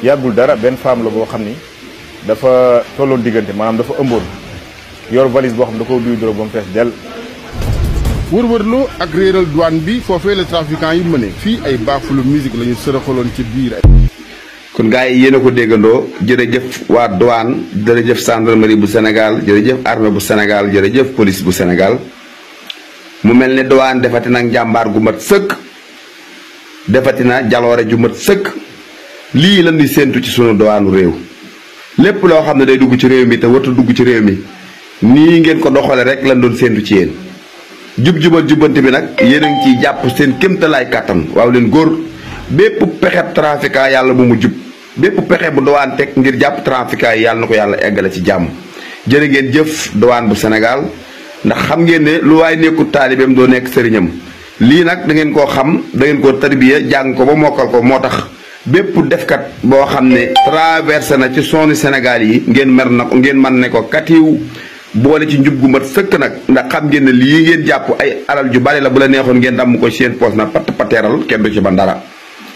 yàggul dara benn femme la boo xam ni dafa tolloon diggante maanaam dafa ëmboon yor valise boo xam da ko duy drogue ba mu fees dell wërwërloo ak réeral douane bi foofee la trafiquant yi mëne fii ay baafulu musique la ñu sërëxaloon ci biir kon gaa yi yéen ko déggandoo jërëjëf waa douane jërëjëf gendarmerie bu Sénégal jërëjëf armée bu senegal Sénégal jërëjëf police bu senegal mu mel ni douane defati na njàmbaar gu mat sëkk defati jaloore ju mat sëkk li lan di sentu ci sunu doanu rew lepp lo xamne day dugg ci rew mi te wata dugg ci rew mi ni ngeen ko doxale rek lan doon sentu ci yeen jub-jubal jubante bi nak yeen ngi ci japp sen kemta lay katam waaw len gor bepp pexe trafiquant yalla bu mu jub bepp pexe bu doan tek ngir japp trafiquant yalla nako yalla ko ci jàmm jere ngeen jëf doan bu senegal ndax xam ngeen ne lu way nekkul talibem do nek serignam lii nak da ngeen ko xam da ngeen ko tarbiya jang ko ba mokal ko motax bépp defkat boo xam ne traversé na ci soonu Sénégal yi ngeen mer na ko ngeen man ne ko katiw boole ci njub gu mat sëkk nag ndax xam ngeen ne lii ngeen jàpp ay alal ju bari la bu la neexoon ngeen damm ko seen poos na patt pateeral kenn du ci ban dara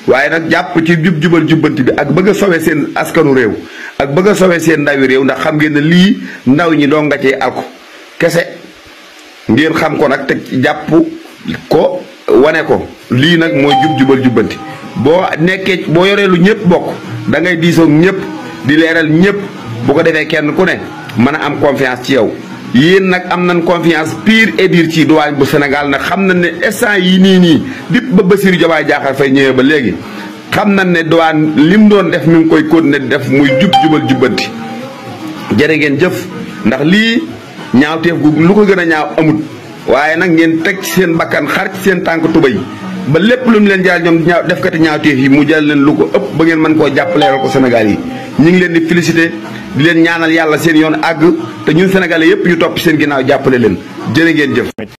waaye nag jàpp ci jub jubal jubbanti bi ak bëgg a seen askanu réew ak bëgg a sowe seen ndawi réew ndax xam ngeen ne lii ndaw ñi doo nga cee alko kese ngeen xam ko nag te jàpp ko wane ko lii nag mooy jub jubal jubbanti bo nekké bo yoré lu ñëpp bok da ngay diiso ñëpp di léral ñëpp bu ko défé kenn ku né mëna am confiance ci yow nak nak am nañ confiance pire et dire ci douane bu Sénégal na xam nañ ne instant yi ni ni dip ba Bassirou Diomaye Diakhar fay ñëwé ba légui xam nañ ne douane lim doon def mi ngi koy continuer def muy jup jubal jubanti jéré ngeen jëf ndax li ñaawteef gu lu ko gëna ñaaw amut waye nak ngeen tek ci seen bakkan xar ci seen tank tubay ba lépp lu mu leen jaay ñoom ñaaw def kati ñaawteef yi mu jël leen lu ko ëpp ba ngeen mën koo jàppaleeral ko Sénégal yi ñu ngi leen di félicité di leen ñaanal yàlla seen yoon àgg te ñun Sénégalais yëpp ñu topp seen ginnaaw jàppale leen jërë ngeen jëf.